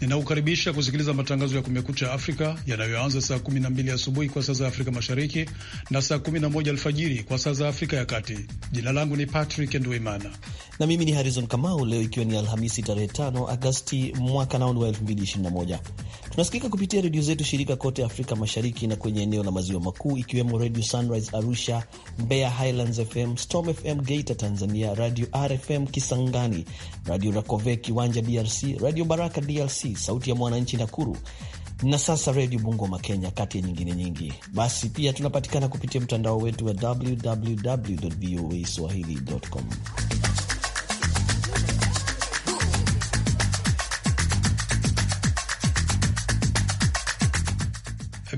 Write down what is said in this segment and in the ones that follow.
Ninaukaribisha kusikiliza matangazo ya Kumekucha Afrika yanayoanza saa 12 asubuhi kwa saa za Afrika Mashariki na saa 11 alfajiri kwa saa za Afrika ya Kati. Jina langu ni Patrick Nduimana na mimi ni Harrison Kamau. Leo ikiwa ni Alhamisi tarehe 5 Agasti mwaka ni wa 2021 Tunasikika kupitia redio zetu shirika kote Afrika Mashariki na kwenye eneo la maziwa makuu, ikiwemo Radio Sunrise Arusha, Mbeya Highlands FM, Storm FM Geita Tanzania, Radio RFM Kisangani, Radio Rakove Kiwanja DRC, Radio Baraka DRC, Sauti ya Mwananchi Nakuru na sasa Redio Bungoma Kenya, kati ya nyingine nyingi. Basi pia tunapatikana kupitia mtandao wetu wa www voa swahili.com.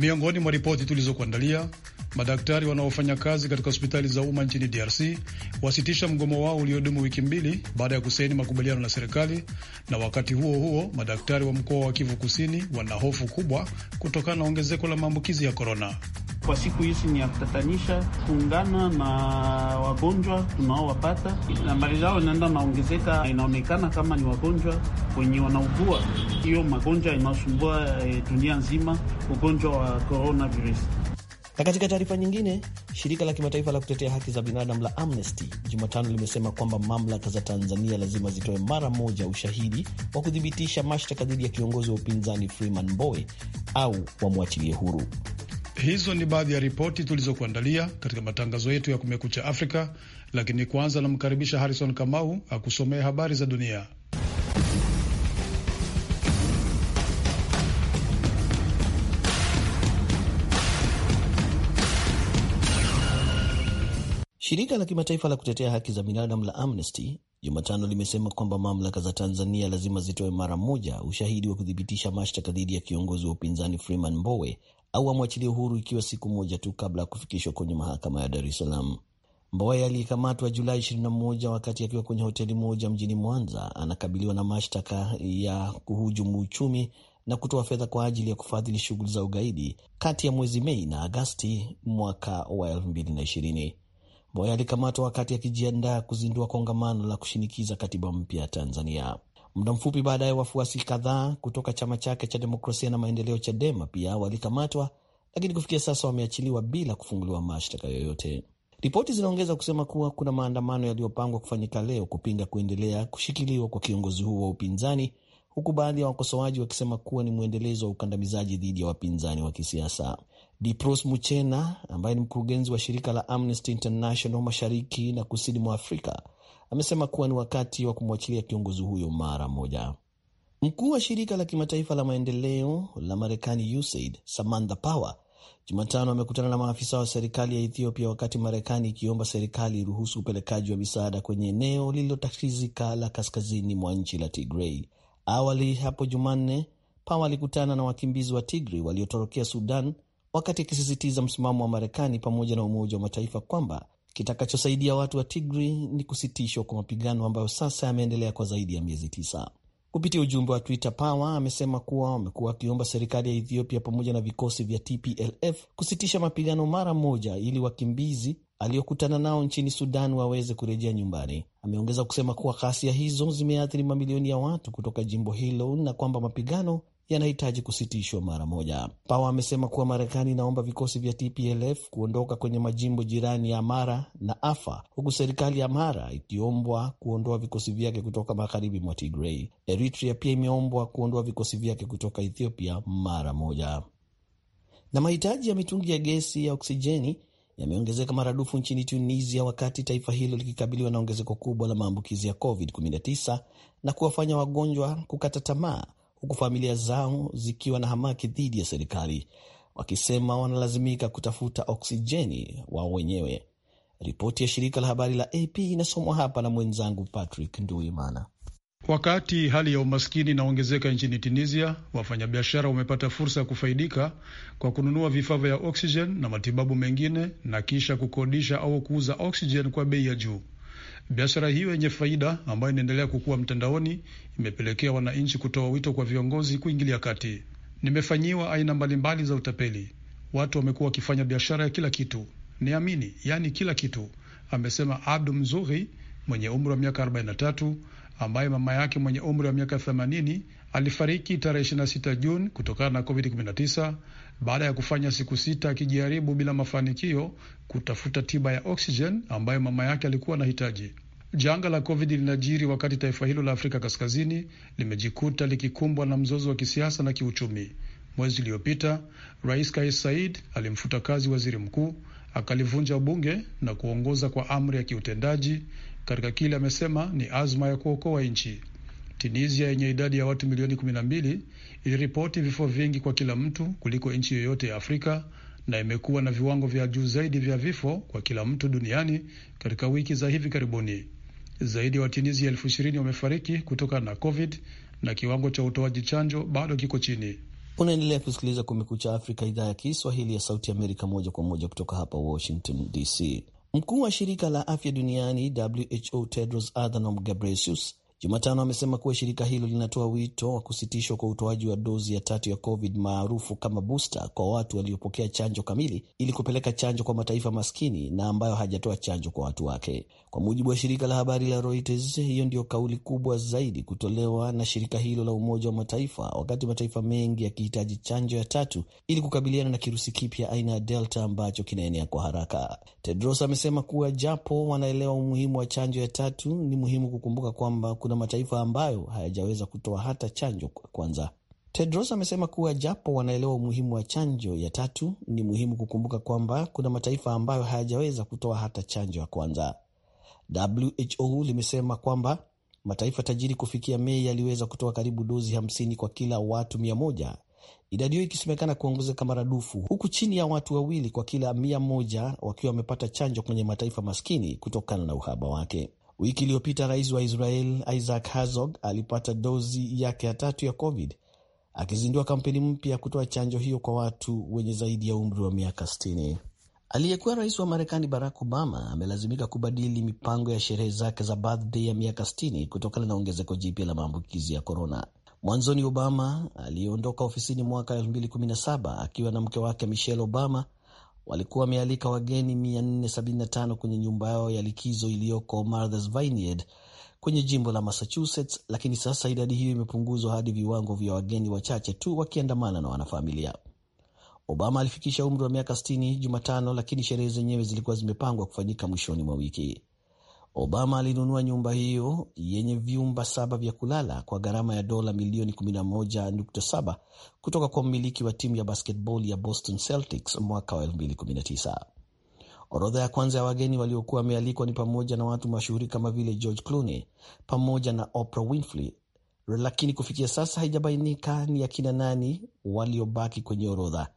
Miongoni mwa ripoti tulizokuandalia, madaktari wanaofanya kazi katika hospitali za umma nchini DRC wasitisha mgomo wao uliodumu wiki mbili baada ya kusaini makubaliano na serikali. Na wakati huo huo, madaktari wa mkoa wa Kivu Kusini wana hofu kubwa kutokana na ongezeko la maambukizi ya korona. Kwa siku hizi ni ya kutatanisha, kuungana na wagonjwa tunaowapata, nambari zao inaenda naongezeka, inaonekana kama ni wagonjwa wenye wanaugua hiyo magonjwa inaosumbua e, eh, dunia nzima, ugonjwa wa coronavirus. Na katika taarifa nyingine, shirika la kimataifa la kutetea haki za binadamu la Amnesty Jumatano limesema kwamba mamlaka za Tanzania lazima zitoe mara moja ushahidi wa kuthibitisha mashtaka dhidi ya kiongozi wa upinzani Freeman Mbowe au wamwachilie huru. Hizo ni baadhi ya ripoti tulizokuandalia katika matangazo yetu ya Kumekucha Afrika, lakini kwanza anamkaribisha Harrison Kamau akusomee habari za dunia. Shirika la kimataifa la kutetea haki za binadamu la Amnesty Jumatano limesema kwamba mamlaka za Tanzania lazima zitoe mara moja ushahidi wa kuthibitisha mashtaka dhidi ya kiongozi wa upinzani Freeman Mbowe au amwachilie huru ikiwa siku moja tu kabla ya kufikishwa kwenye mahakama ya Dar es Salaam. Mbowe aliyekamatwa Julai 21 wakati akiwa kwenye hoteli moja mjini Mwanza anakabiliwa na mashtaka ya kuhujumu uchumi na kutoa fedha kwa ajili ya kufadhili shughuli za ugaidi kati ya mwezi Mei na Agasti mwaka wa 2020. Mbowe alikamatwa wakati akijiandaa kuzindua kongamano la kushinikiza katiba mpya ya Tanzania. Muda mfupi baadaye, wafuasi kadhaa kutoka chama chake cha demokrasia na maendeleo CHADEMA pia walikamatwa, lakini kufikia sasa wameachiliwa bila kufunguliwa mashtaka yoyote. Ripoti zinaongeza kusema kuwa kuna maandamano yaliyopangwa kufanyika leo kupinga kuendelea kushikiliwa kwa kiongozi huo wa upinzani, huku baadhi ya wakosoaji wakisema kuwa ni mwendelezo wa ukandamizaji dhidi ya wapinzani wa kisiasa. Dipros Muchena ambaye ni mkurugenzi wa shirika la Amnesty International mashariki na kusini mwa Afrika amesema kuwa ni wakati wa kumwachilia kiongozi huyo mara moja. Mkuu wa shirika la kimataifa la maendeleo la Marekani USAID Samantha Power Jumatano amekutana na maafisa wa serikali ya Ethiopia wakati Marekani ikiomba serikali iruhusu upelekaji wa misaada kwenye eneo lililotatizika la kaskazini mwa nchi la Tigrei. Awali hapo Jumanne, Power alikutana na wakimbizi wa tigrei waliotorokea Sudan, wakati akisisitiza msimamo wa Marekani pamoja na Umoja wa Mataifa kwamba kitakachosaidia watu wa tigri ni kusitishwa kwa mapigano ambayo sasa yameendelea kwa zaidi ya miezi tisa. Kupitia ujumbe wa Twitter, Power amesema kuwa wamekuwa wakiomba serikali ya Ethiopia pamoja na vikosi vya TPLF kusitisha mapigano mara moja ili wakimbizi aliyokutana nao nchini Sudan waweze kurejea nyumbani. Ameongeza kusema kuwa ghasia hizo zimeathiri mamilioni ya watu kutoka jimbo hilo na kwamba mapigano yanahitaji kusitishwa mara moja. Pawa amesema kuwa Marekani inaomba vikosi vya TPLF kuondoka kwenye majimbo jirani ya Amara na Afa, huku serikali ya Amara ikiombwa kuondoa vikosi vyake kutoka magharibi mwa Tigrei. Eritrea pia imeombwa kuondoa vikosi vyake kutoka Ethiopia mara moja. Na mahitaji ya mitungi ya gesi ya oksijeni yameongezeka maradufu nchini Tunisia wakati taifa hilo likikabiliwa na ongezeko kubwa la maambukizi ya COVID-19 na kuwafanya wagonjwa kukata tamaa huku familia zao zikiwa na hamaki dhidi ya serikali wakisema wanalazimika kutafuta oksijeni wao wenyewe. Ripoti ya shirika la habari la AP inasomwa hapa na mwenzangu Patrick Nduimana. Wakati hali ya umaskini inaongezeka nchini Tunisia, wafanyabiashara wamepata fursa ya kufaidika kwa kununua vifaa vya oksijeni na matibabu mengine na kisha kukodisha au kuuza oksijeni kwa bei ya juu. Biashara hiyo yenye faida ambayo inaendelea kukua mtandaoni imepelekea wananchi kutoa wito kwa viongozi kuingilia kati. Nimefanyiwa aina mbalimbali za utapeli, watu wamekuwa wakifanya biashara ya kila kitu, niamini, yaani kila kitu, amesema Abdu mzuri mwenye umri wa miaka 43 ambaye mama yake mwenye umri wa miaka 80 alifariki tarehe 26 Juni kutokana na COVID-19 baada ya kufanya siku sita akijaribu bila mafanikio kutafuta tiba ya oksijen ambayo mama yake alikuwa anahitaji. Janga la COVID linajiri wakati taifa hilo la Afrika Kaskazini limejikuta likikumbwa na mzozo wa kisiasa na kiuchumi. Mwezi uliopita, Rais Kais Said alimfuta kazi waziri mkuu, akalivunja bunge na kuongoza kwa amri ya kiutendaji katika kile amesema ni azma ya kuokoa nchi. Tunisia yenye idadi ya watu milioni 12 iliripoti vifo vingi kwa kila mtu kuliko nchi yoyote ya Afrika na imekuwa na viwango vya juu zaidi vya vifo kwa kila mtu duniani katika wiki za hivi karibuni. Zaidi ya Watunisia elfu ishirini wamefariki kutokana na COVID na kiwango cha utoaji chanjo bado kiko chini. Unaendelea kusikiliza Kumekucha Afrika, idhaa ya Kiswahili ya Sauti Amerika, moja kwa moja kutoka hapa Washington DC. Mkuu wa shirika la afya duniani WHO Tedros Adhanom Ghebreyesus Jumatano amesema kuwa shirika hilo linatoa wito wa kusitishwa kwa utoaji wa dozi ya tatu ya COVID maarufu kama booster kwa watu waliopokea chanjo kamili ili kupeleka chanjo kwa mataifa maskini na ambayo hajatoa chanjo kwa watu wake. Kwa mujibu wa shirika la habari la Reuters, hiyo ndiyo kauli kubwa zaidi kutolewa na shirika hilo la Umoja wa Mataifa wakati mataifa mengi yakihitaji chanjo ya tatu ili kukabiliana na kirusi kipya aina ya Delta ambacho kinaenea kwa haraka. Tedros amesema kuwa japo wanaelewa umuhimu wa chanjo ya tatu, ni muhimu kukumbuka kwamba kuna mataifa ambayo hayajaweza kutoa hata chanjo kwa kwanza. Tedros amesema kuwa japo wanaelewa umuhimu wa chanjo ya tatu, ni muhimu kukumbuka kwamba kuna mataifa ambayo hayajaweza kutoa hata chanjo ya kwanza. WHO limesema kwamba mataifa tajiri kufikia Mei yaliweza kutoa karibu dozi 50 kwa kila watu 100, idadi hiyo ikisemekana kuongezeka maradufu, huku chini ya watu wawili kwa kila 100 wakiwa wamepata chanjo kwenye mataifa maskini kutokana na uhaba wake. Wiki iliyopita rais wa Israel Isaac Herzog alipata dozi yake ya tatu ya COVID akizindua kampeni mpya ya kutoa chanjo hiyo kwa watu wenye zaidi ya umri wa miaka 60. Aliyekuwa rais wa Marekani Barack Obama amelazimika kubadili mipango ya sherehe zake za birthday ya miaka 60 kutokana na ongezeko jipya la maambukizi ya korona. Mwanzoni, Obama aliyeondoka ofisini mwaka 2017 akiwa na mke wake Michelle Obama walikuwa wamealika wageni 475 kwenye nyumba yao ya likizo iliyoko Martha's Vineyard kwenye jimbo la Massachusetts, lakini sasa idadi hiyo imepunguzwa hadi viwango vya wageni wachache tu wakiandamana na wanafamilia. Obama alifikisha umri wa miaka 60 Jumatano, lakini sherehe zenyewe zilikuwa zimepangwa kufanyika mwishoni mwa wiki. Obama alinunua nyumba hiyo yenye vyumba saba vya kulala kwa gharama ya dola milioni 11.7 kutoka kwa mmiliki wa timu ya basketball ya Boston Celtics mwaka wa 2019. Orodha ya kwanza ya wageni waliokuwa wamealikwa ni pamoja na watu mashuhuri kama vile George Clooney pamoja na Oprah Winfrey, lakini kufikia sasa haijabainika ni akina nani waliobaki kwenye orodha.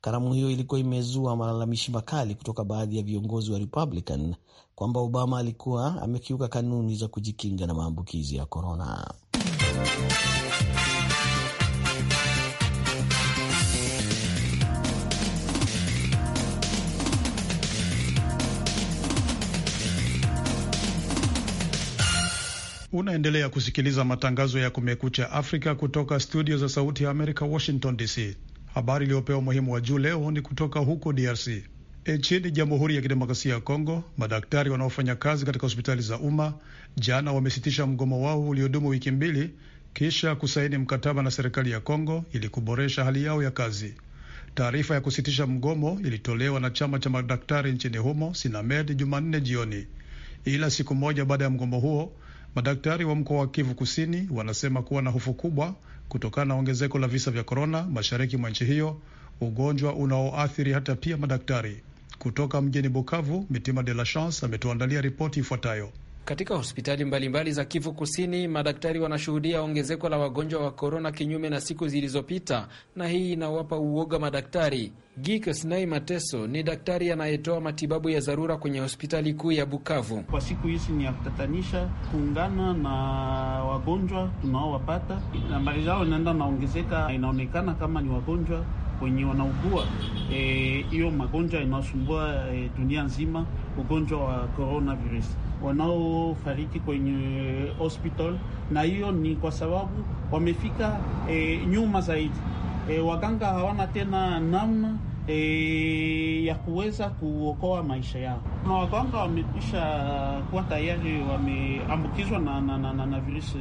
Karamu hiyo ilikuwa imezua malalamishi makali kutoka baadhi ya viongozi wa Republican kwamba Obama alikuwa amekiuka kanuni za kujikinga na maambukizi ya korona. Unaendelea kusikiliza matangazo ya Kumekucha Afrika kutoka studio za Sauti ya Amerika, Washington DC. Habari iliyopewa umuhimu wa juu leo ni kutoka huko DRC. Nchini Jamhuri ya Kidemokrasia ya Kongo, madaktari wanaofanya kazi katika hospitali za umma jana wamesitisha mgomo wao uliodumu wiki mbili kisha kusaini mkataba na serikali ya Kongo ili kuboresha hali yao ya kazi. Taarifa ya kusitisha mgomo ilitolewa na chama cha madaktari nchini humo Sinamed Jumanne jioni, ila siku moja baada ya mgomo huo Madaktari wa mkoa wa Kivu Kusini wanasema kuwa na hofu kubwa kutokana na ongezeko la visa vya korona mashariki mwa nchi hiyo, ugonjwa unaoathiri hata pia madaktari. Kutoka mjini Bukavu, Mitima de la Chance ametuandalia ripoti ifuatayo. Katika hospitali mbalimbali za Kivu Kusini, madaktari wanashuhudia ongezeko la wagonjwa wa korona kinyume na siku zilizopita, na hii inawapa uoga madaktari. Gikesnai Mateso ni daktari anayetoa matibabu ya dharura kwenye hospitali kuu ya Bukavu. Kwa siku hizi ni ya kutatanisha kuungana na wagonjwa tunaowapata, nambari zao inaenda naongezeka, inaonekana kama ni wagonjwa wenye wanaugua eh, hiyo e, magonjwa inaosumbua e, eh, dunia nzima, ugonjwa wa coronavirus wanaofariki kwenye hospital, na hiyo ni kwa sababu wamefika e, nyuma zaidi. E, waganga hawana tena namna e, ya kuweza kuokoa maisha yao, na waganga wamekwisha kuwa tayari wameambukizwa na, na, na, na, na virusi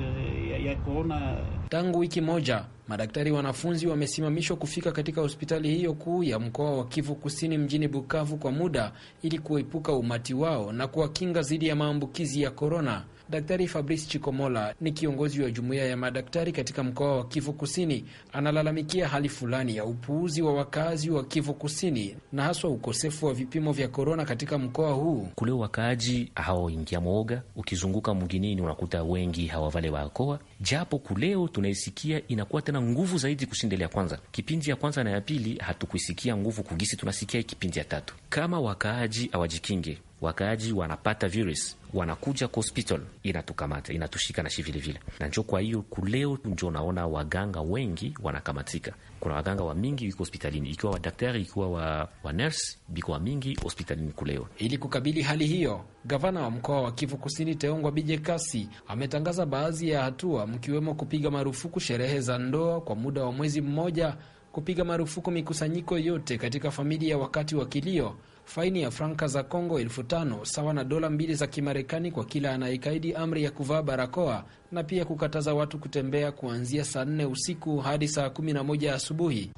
ya, ya corona Tangu wiki moja madaktari wanafunzi wamesimamishwa kufika katika hospitali hiyo kuu ya mkoa wa Kivu Kusini mjini Bukavu kwa muda ili kuepuka umati wao na kuwakinga dhidi ya maambukizi ya korona. Daktari Fabrice Chikomola ni kiongozi wa jumuiya ya madaktari katika mkoa wa Kivu Kusini. Analalamikia hali fulani ya upuuzi wa wakaazi wa Kivu Kusini na haswa ukosefu wa vipimo vya korona katika mkoa huu. Kule wakaaji hawaingia mwoga, ukizunguka mginini unakuta wengi hawavale barakoa japo kuleo tunaisikia inakuwa tena nguvu zaidi kushinda ile ya kwanza. Kipindi ya kwanza na ya pili hatukuisikia nguvu kugisi, tunasikia kipindi ya tatu. Kama wakaaji awajikinge, wakaaji wanapata virus wanakuja kwa hospital, inatukamata inatushika na shivilivile, vilevile na njo. Kwa hiyo kuleo njo naona waganga wengi wanakamatika kuna waganga wa mingi wiko hospitalini, ikiwa wadaktari, ikiwa wa, wa nurse biko wa mingi hospitalini kuleo. Ili kukabili hali hiyo, gavana wa mkoa wa Kivu Kusini Teongwa Bije Kasi ametangaza baadhi ya hatua, mkiwemo kupiga marufuku sherehe za ndoa kwa muda wa mwezi mmoja, kupiga marufuku mikusanyiko yote katika familia wakati wa kilio faini ya franka za congo elfu tano sawa na dola mbili za Kimarekani kwa kila anayekaidi amri ya kuvaa barakoa na pia kukataza watu kutembea kuanzia saa nne usiku hadi saa kumi na moja asubuhi.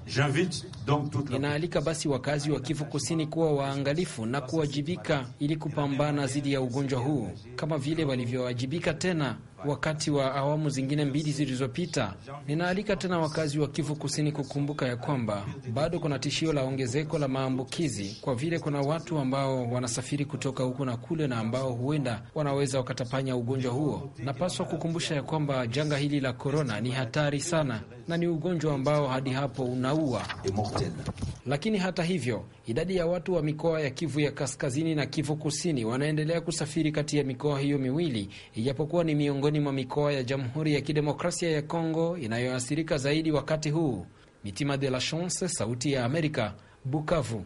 Inaalika basi wakazi wa Kivu Kusini kuwa waangalifu na kuwajibika ili kupambana dhidi ya ugonjwa huu kama vile walivyowajibika tena wakati wa awamu zingine mbili zilizopita. Ninaalika tena wakazi wa Kivu Kusini kukumbuka ya kwamba bado kuna tishio la ongezeko la maambukizi, kwa vile kuna watu ambao wanasafiri kutoka huku na kule na ambao huenda wanaweza wakatapanya ugonjwa huo. Napaswa kukumbusha ya kwamba janga hili la korona ni hatari sana na ni ugonjwa ambao hadi hapo unaua. Lakini hata hivyo, idadi ya watu wa mikoa ya Kivu ya Kaskazini na Kivu Kusini wanaendelea kusafiri kati ya mikoa hiyo miwili, ijapokuwa ni miongoni mwa mikoa ya Jamhuri ya Kidemokrasia ya Kongo inayoathirika zaidi wakati huu. Mitima de la Chance, Sauti ya Amerika, Bukavu.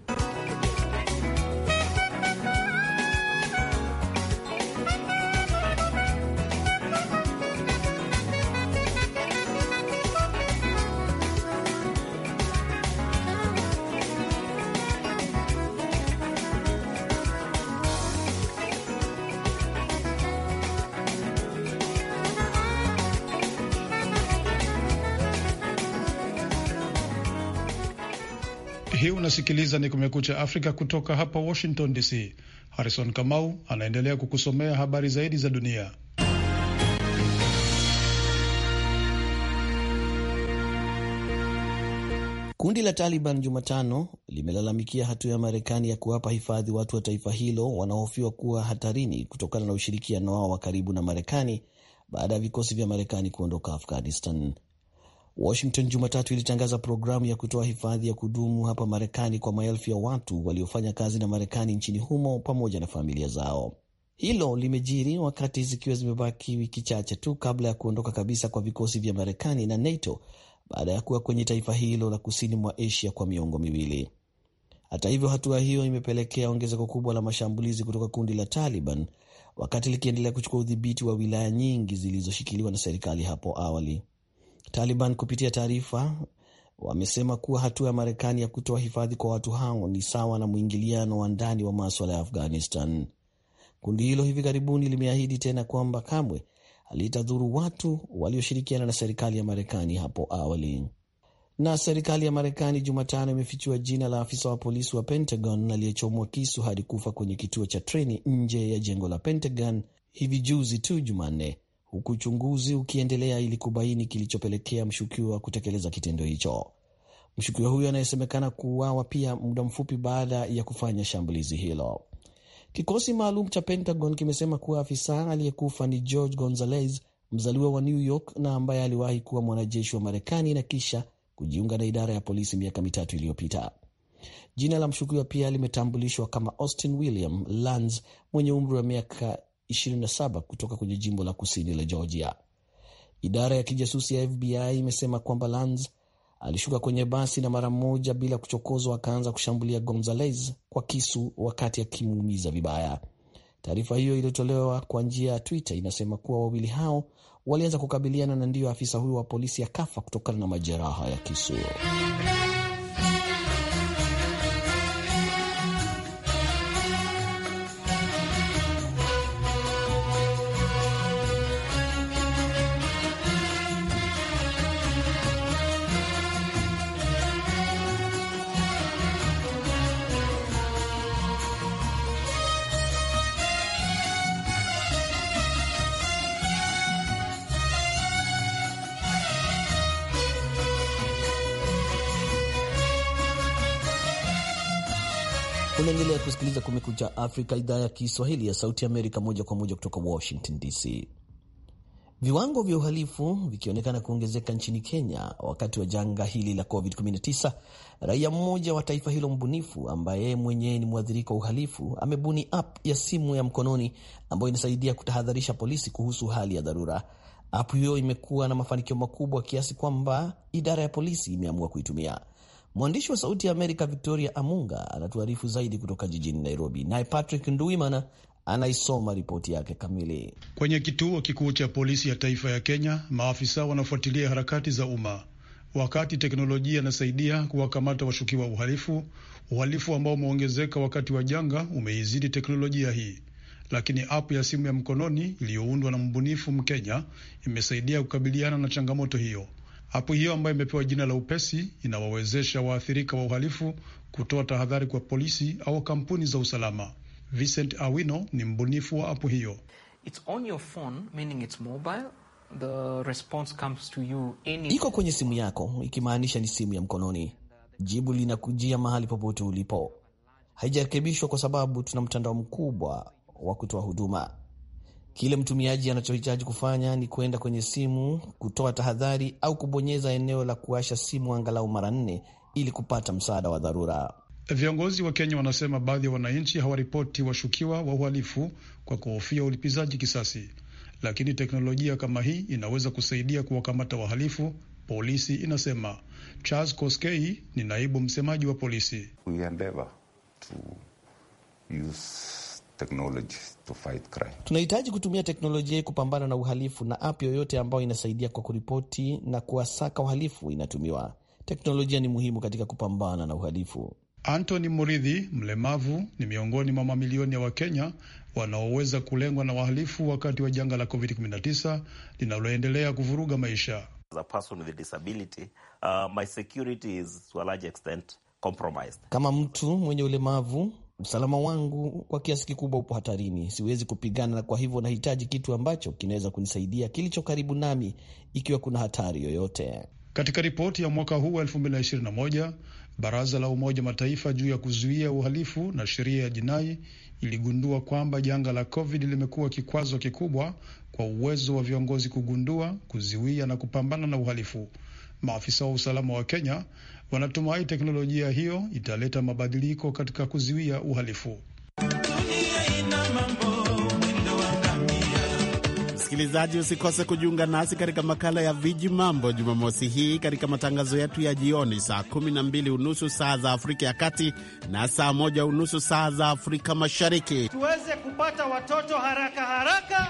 unasikiliza ni Kumekucha Afrika kutoka hapa Washington DC. Harrison Kamau anaendelea kukusomea habari zaidi za dunia. Kundi la Taliban Jumatano limelalamikia hatua ya Marekani ya kuwapa hifadhi watu wa taifa hilo wanaohofiwa kuwa hatarini kutokana na ushirikiano wao wa karibu na Marekani baada ya vikosi vya Marekani kuondoka Afghanistan. Washington Jumatatu ilitangaza programu ya kutoa hifadhi ya kudumu hapa Marekani kwa maelfu ya watu waliofanya kazi na Marekani nchini humo pamoja na familia zao. Hilo limejiri wakati zikiwa zimebaki wiki chache tu kabla ya kuondoka kabisa kwa vikosi vya Marekani na NATO baada ya kuwa kwenye taifa hilo la kusini mwa Asia kwa miongo miwili. Hata hivyo, hatua hiyo imepelekea ongezeko kubwa la mashambulizi kutoka kundi la Taliban wakati likiendelea kuchukua udhibiti wa wilaya nyingi zilizoshikiliwa na serikali hapo awali. Taliban kupitia taarifa wamesema kuwa hatua ya Marekani ya kutoa hifadhi kwa watu hao ni sawa na mwingiliano wa ndani wa maswala ya Afghanistan. Kundi hilo hivi karibuni limeahidi tena kwamba kamwe halitadhuru watu walioshirikiana na serikali ya Marekani hapo awali. Na serikali ya Marekani Jumatano imefichua jina la afisa wa polisi wa Pentagon aliyechomwa kisu hadi kufa kwenye kituo cha treni nje ya jengo la Pentagon hivi juzi tu Jumanne, huku uchunguzi ukiendelea ili kubaini kilichopelekea mshukiwa kutekeleza kitendo hicho. Mshukiwa huyo anayesemekana kuuawa pia muda mfupi baada ya kufanya shambulizi hilo. Kikosi maalum cha Pentagon kimesema kuwa afisa aliyekufa ni George Gonzalez, mzaliwa wa New York na ambaye aliwahi kuwa mwanajeshi wa Marekani na kisha kujiunga na idara ya polisi miaka mitatu iliyopita. Jina la mshukiwa pia limetambulishwa kama Austin William Lanz mwenye umri wa miaka 27 kutoka kwenye jimbo la kusini la Georgia. Idara ya kijasusi ya FBI imesema kwamba Lanz alishuka kwenye basi na mara moja bila kuchokozwa akaanza kushambulia gonzales kwa kisu wakati akimuumiza vibaya. Taarifa hiyo iliyotolewa kwa njia ya Twitter inasema kuwa wawili hao walianza kukabiliana na ndiyo afisa huyo wa polisi akafa kutokana na majeraha ya kisu. Kumekucha Afrika, idhaa ya Kiswahili ya Sauti Amerika, moja kwa moja kutoka Washington DC. Viwango vya uhalifu vikionekana kuongezeka nchini Kenya wakati wa janga hili la COVID-19, raia mmoja wa taifa hilo mbunifu, ambaye mwenyewe ni mwathirika wa uhalifu, amebuni app ya simu ya mkononi ambayo inasaidia kutahadharisha polisi kuhusu hali ya dharura. App hiyo imekuwa na mafanikio makubwa kiasi kwamba idara ya polisi imeamua kuitumia. Mwandishi wa Sauti ya Amerika Victoria Amunga anatuarifu zaidi kutoka jijini Nairobi, naye Patrick Nduimana anaisoma ripoti yake kamili. Kwenye kituo kikuu cha polisi ya taifa ya Kenya, maafisa wanafuatilia harakati za umma wakati teknolojia inasaidia kuwakamata washukiwa uhalifu. Uhalifu ambao umeongezeka wakati wa janga umeizidi teknolojia hii, lakini app ya simu ya mkononi iliyoundwa na mbunifu Mkenya imesaidia kukabiliana na changamoto hiyo. Apu hiyo ambayo imepewa jina la Upesi inawawezesha waathirika wa uhalifu kutoa tahadhari kwa polisi au kampuni za usalama. Vincent Awino ni mbunifu wa apu hiyo. It's on your phone, meaning it's mobile. The response comes to you any... iko kwenye simu yako ikimaanisha ni simu ya mkononi. Jibu linakujia mahali popote ulipo. Haijarekebishwa kwa sababu tuna mtandao mkubwa wa kutoa huduma Kile mtumiaji anachohitaji kufanya ni kwenda kwenye simu, kutoa tahadhari au kubonyeza eneo la kuasha simu angalau mara nne ili kupata msaada wa dharura. Viongozi wa Kenya wanasema baadhi ya wananchi hawaripoti washukiwa wa uhalifu kwa kuhofia ulipizaji kisasi, lakini teknolojia kama hii inaweza kusaidia kuwakamata wahalifu. Polisi inasema. Charles Koskei ni naibu msemaji wa polisi. We to fight crime. Tunahitaji kutumia teknolojia hii kupambana na uhalifu, na app yoyote ambayo inasaidia kwa kuripoti na kuwasaka uhalifu inatumiwa. Teknolojia ni muhimu katika kupambana na uhalifu. Anthony Muridhi, mlemavu, ni miongoni mwa mamilioni ya Wakenya wanaoweza kulengwa na wahalifu wakati wa janga la COVID-19 linaloendelea kuvuruga maisha. Kama mtu mwenye ulemavu Usalama wangu kwa kiasi kikubwa upo hatarini. Siwezi kupigana, kwa hivyo nahitaji kitu ambacho kinaweza kunisaidia, kilicho karibu nami, ikiwa kuna hatari yoyote. Katika ripoti ya mwaka huu wa 2021 baraza la Umoja Mataifa juu ya kuzuia uhalifu na sheria ya jinai iligundua kwamba janga la COVID limekuwa kikwazo kikubwa kwa uwezo wa viongozi kugundua, kuzuia na kupambana na uhalifu. Maafisa wa usalama wa Kenya Wanatumai teknolojia hiyo italeta mabadiliko katika kuzuia uhalifu. Msikilizaji, usikose kujiunga nasi katika makala ya Viji Mambo Jumamosi hii katika matangazo yetu ya jioni saa kumi na mbili unusu saa za Afrika ya Kati na saa moja unusu saa za Afrika Mashariki, tuweze kupata watoto haraka haraka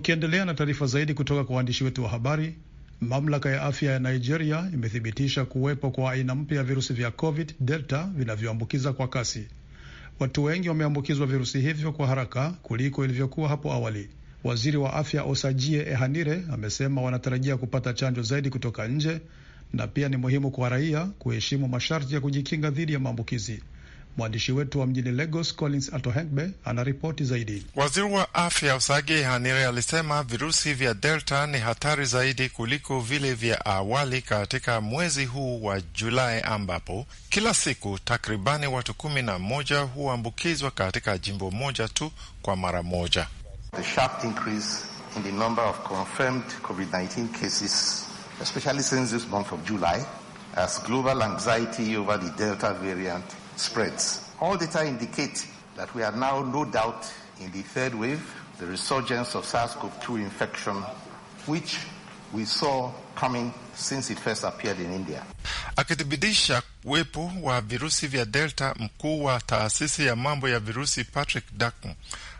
Tukiendelea na taarifa zaidi kutoka kwa waandishi wetu wa habari, mamlaka ya afya ya Nigeria imethibitisha kuwepo kwa aina mpya ya virusi vya COVID Delta vinavyoambukiza kwa kasi. Watu wengi wameambukizwa virusi hivyo kwa haraka kuliko ilivyokuwa hapo awali. Waziri wa afya Osajie Ehanire amesema wanatarajia kupata chanjo zaidi kutoka nje na pia ni muhimu kwa raia kuheshimu masharti ya kujikinga dhidi ya maambukizi. Mwandishi wetu wa mjini Lagos, Collins Atohengbe, anaripoti zaidi. Waziri wa afya Usagi Hanire alisema virusi vya Delta ni hatari zaidi kuliko vile vya awali katika mwezi huu wa Julai, ambapo kila siku takribani watu kumi na moja huambukizwa katika jimbo moja tu kwa mara moja. The sharp increase in the number of confirmed COVID-19 cases, especially since this month of July, as global anxiety over the Delta variant spreads. All data indicate that we are now no doubt in the third wave, the resurgence of SARS-CoV-2 infection, which we saw coming since it first appeared in India. Akithibitisha uwepo wa virusi vya Delta, mkuu wa taasisi ya mambo ya virusi Patrick Dakin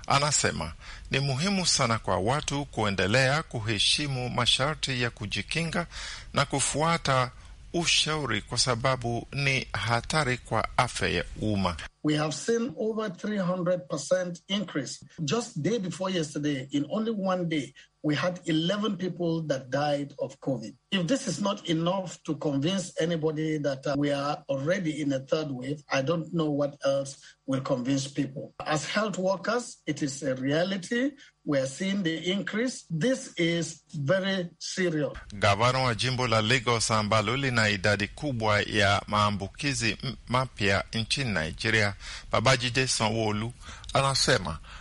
anasema ni muhimu sana kwa watu kuendelea kuheshimu masharti ya kujikinga na kufuata ushauri kwa sababu ni hatari kwa afya ya umma. We have seen over 300% increase just day before yesterday in only one day we had 11 people that died of COVID. If this is not enough to convince anybody that uh, we are already in a third wave, I don't know what else will convince people. As health workers, it is a reality. We're seeing the increase. This is very serious. Gavana wa jimbo la Lagos ambalo lina idadi kubwa ya maambukizi mapya nchini Nigeria, Babajide Sanwo-Olu anasema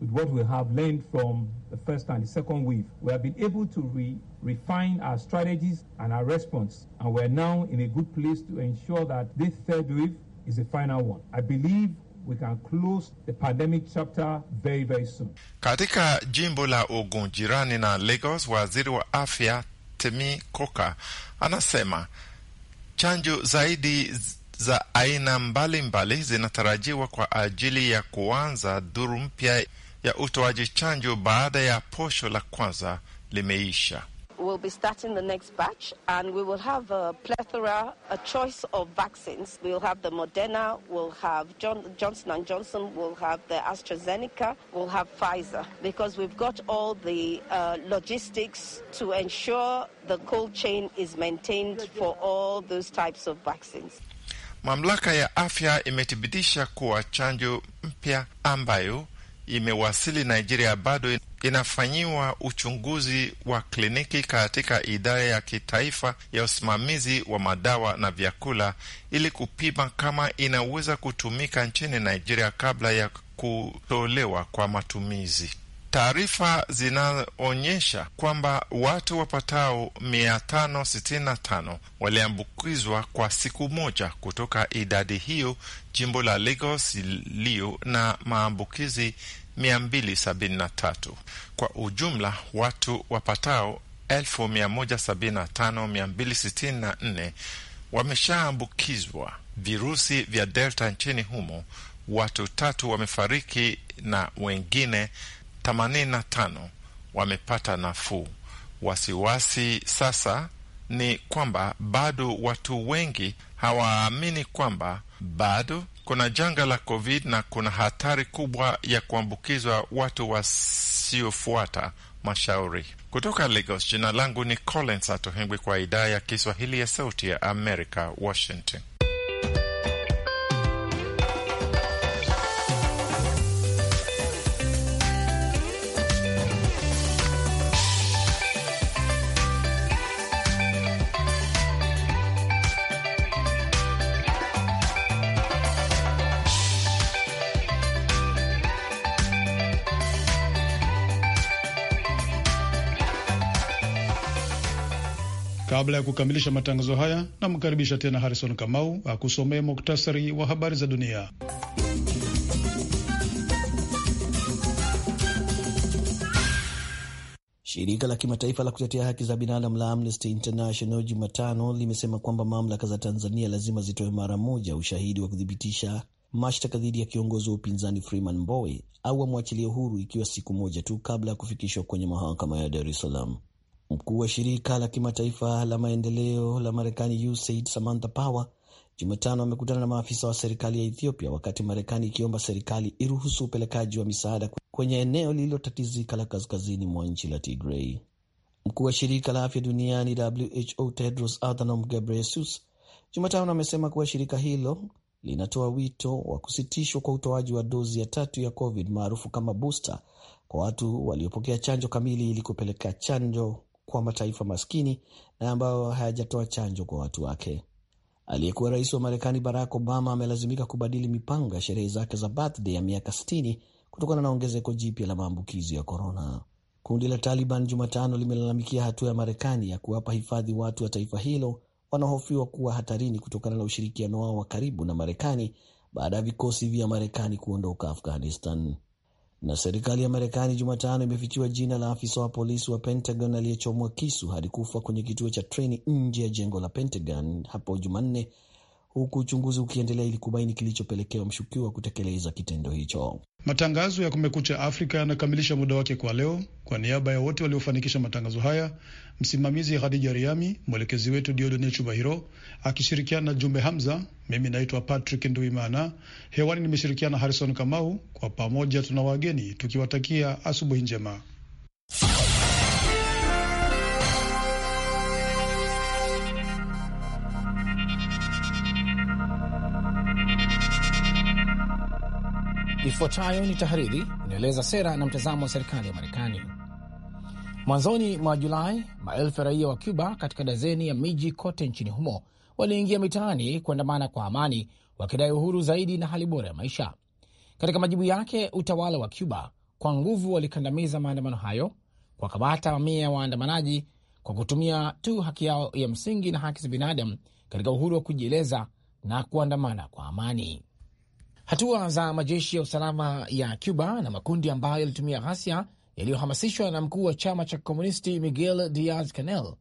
with what we have learned from the first and the second wave, we have been able to re- refine our strategies and our response, and we are now in a good place to ensure that this third wave is the final one. I believe we can close the pandemic chapter very, very soon. Katika jimbo la Ogun jirani na Lagos, waziri wa afya Temi Koka anasema chanjo zaidi za aina mbalimbali mbali zinatarajiwa kwa ajili ya kuanza duru mpya ya utoaji chanjo baada ya posho la kwanza limeisha. We'll be starting the next batch and we will have a plethora, a choice of vaccines. We'll have the Moderna, we'll have John, Johnson and Johnson, we'll have the AstraZeneca, we'll have Pfizer because we've got all the uh, logistics to ensure the cold chain is maintained for all those types of vaccines. Mamlaka ya afya imethibitisha kuwa chanjo mpya ambayo imewasili Nigeria bado inafanyiwa uchunguzi wa kliniki katika idara ya kitaifa ya usimamizi wa madawa na vyakula ili kupima kama inaweza kutumika nchini Nigeria kabla ya kutolewa kwa matumizi. Taarifa zinaonyesha kwamba watu wapatao 565 waliambukizwa kwa siku moja. Kutoka idadi hiyo, jimbo la Lagos liu na maambukizi 273. Kwa ujumla watu wapatao 175264 wameshaambukizwa virusi vya Delta nchini humo. Watu tatu wamefariki na wengine 85 wamepata nafuu. Wasiwasi sasa ni kwamba bado watu wengi hawaamini kwamba bado kuna janga la COVID na kuna hatari kubwa ya kuambukizwa watu wasiofuata mashauri. Kutoka Lagos, jina langu ni Collins Atohengwi kwa idhaa ya Kiswahili ya Sauti ya Amerika, Washington. Kabla ya kukamilisha matangazo haya, namkaribisha tena Harrison Kamau akusomee muktasari wa habari za dunia. Shirika la kimataifa la kutetea haki za binadamu la Amnesty International Jumatano limesema kwamba mamlaka za Tanzania lazima zitoe mara moja ushahidi wa kuthibitisha mashtaka dhidi ya kiongozi wa upinzani Freeman Mbowe au amwachilie huru, ikiwa siku moja tu kabla ya kufikishwa kwenye mahakama ya Dar es Salaam. Mkuu wa shirika la kimataifa la maendeleo la Marekani USAID Samantha Power Jumatano amekutana na maafisa wa serikali ya Ethiopia wakati Marekani ikiomba serikali iruhusu upelekaji wa misaada kwenye eneo lililotatizika la kaskazini mwa nchi la Tigrei. Mkuu wa shirika la afya duniani WHO Tedros Adhanom Ghebreyesus Jumatano amesema kuwa shirika hilo linatoa wito wa kusitishwa kwa utoaji wa dozi ya tatu ya COVID maarufu kama booster kwa watu waliopokea chanjo kamili ili kupeleka chanjo kwa mataifa maskini na ambayo hayajatoa chanjo kwa watu wake. Aliyekuwa rais wa Marekani Barack Obama amelazimika kubadili mipango ya sherehe zake za birthday ya miaka 60 kutokana na ongezeko jipya la maambukizi ya korona. Kundi la Taliban Jumatano limelalamikia hatua ya Marekani ya kuwapa hifadhi watu wa taifa hilo wanaohofiwa kuwa hatarini kutokana na ushirikiano wao wa karibu na Marekani baada ya vikosi vya Marekani kuondoka Afghanistan na serikali ya Marekani Jumatano imefichiwa jina la afisa wa polisi wa Pentagon aliyechomwa kisu hadi kufa kwenye kituo cha treni nje ya jengo la Pentagon hapo Jumanne, huku uchunguzi ukiendelea ili kubaini kilichopelekea mshukiwa kutekeleza kitendo hicho. Matangazo ya Kumekucha Afrika yanakamilisha muda wake kwa leo. Kwa niaba ya wote waliofanikisha matangazo haya, msimamizi Khadija Riami, mwelekezi wetu Diodone Chubahiro akishirikiana na Jumbe Hamza, mimi naitwa Patrick Nduimana, hewani nimeshirikiana Harrison Kamau. Kwa pamoja tuna wageni tukiwatakia asubuhi njema. Ifuatayo ni tahariri inaeleza sera na mtazamo wa serikali ya Marekani. Mwanzoni mwa Julai, maelfu ya raia wa Cuba katika dazeni ya miji kote nchini humo waliingia mitaani kuandamana kwa amani, wakidai uhuru zaidi na hali bora ya maisha. Katika majibu yake, utawala wa Cuba kwa nguvu walikandamiza maandamano hayo kwa kamata mamia ya waandamanaji kwa kutumia tu haki yao ya msingi na haki za binadamu katika uhuru wa kujieleza na kuandamana kwa amani. Hatua za majeshi ya usalama ya Cuba na makundi ambayo yalitumia ghasia yaliyohamasishwa na mkuu wa chama cha kikomunisti Miguel Diaz Canel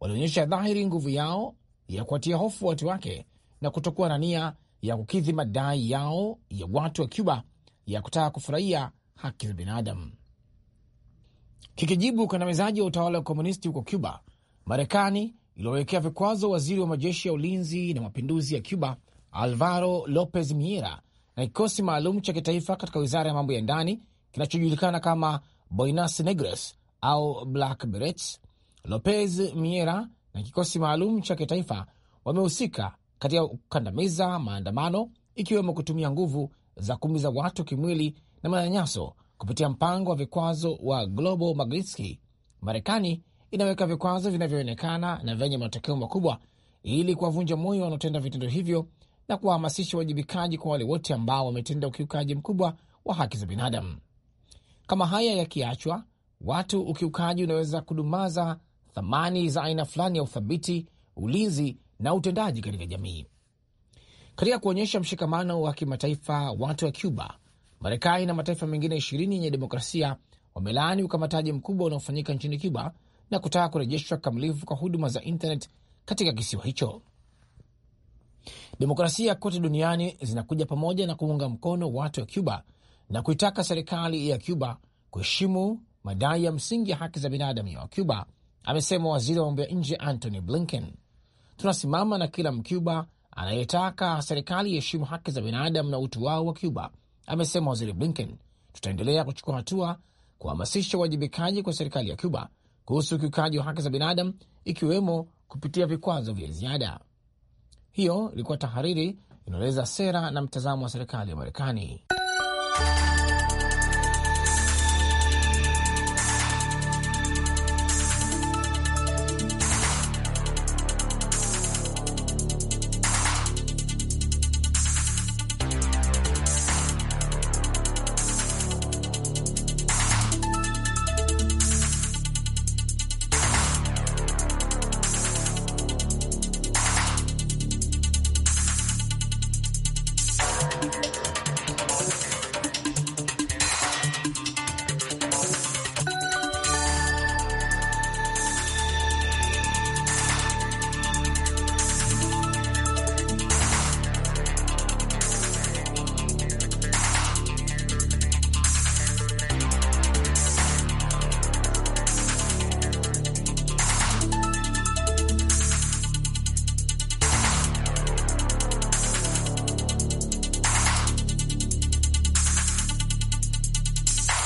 walionyesha dhahiri nguvu yao ya kuwatia hofu watu wake na kutokuwa na nia ya kukidhi madai yao ya watu wa Cuba ya kutaka kufurahia haki za binadamu. Kikijibu ukandamizaji wa utawala wa komunisti huko Cuba, Marekani iliowekea vikwazo waziri wa majeshi ya ulinzi na mapinduzi ya Cuba Alvaro Lopez Miera na kikosi maalum cha kitaifa katika wizara ya mambo ya ndani kinachojulikana kama Boinas Negras au Black Berets. Lopez Miera na kikosi maalum cha kitaifa wamehusika katika kukandamiza maandamano, ikiwemo kutumia nguvu za kuumiza watu kimwili na manyanyaso kupitia mpango wa vikwazo wa Global Magnitsky. Marekani inaweka vikwazo vinavyoonekana na vyenye matokeo makubwa ili kuwavunja moyo wanaotenda vitendo hivyo na kuwahamasisha uwajibikaji kwa wale wote ambao wametenda ukiukaji mkubwa wa haki za binadamu. Kama haya yakiachwa watu, ukiukaji unaweza kudumaza thamani za aina fulani ya uthabiti, ulinzi na utendaji katika jamii. Katika kuonyesha mshikamano wa kimataifa, watu wa Cuba, Marekani na mataifa mengine ishirini yenye demokrasia wamelaani ukamataji mkubwa unaofanyika nchini Cuba na kutaka kurejeshwa kikamilifu kwa huduma za internet katika kisiwa hicho. Demokrasia kote duniani zinakuja pamoja na kuunga mkono watu wa Cuba na kuitaka serikali ya Cuba kuheshimu madai ya msingi ya haki za binadamu ya Wacuba, amesema waziri wa mambo ya nje Antony Blinken. Tunasimama na kila Mcuba anayetaka serikali iheshimu haki za binadamu na utu wao wa Cuba, amesema waziri Blinken. Tutaendelea kuchukua hatua kuhamasisha uwajibikaji kwa serikali ya Cuba kuhusu ukiukaji wa haki za binadamu, ikiwemo kupitia vikwazo vya ziada. Hiyo ilikuwa tahariri inaeleza sera na mtazamo wa serikali ya Marekani.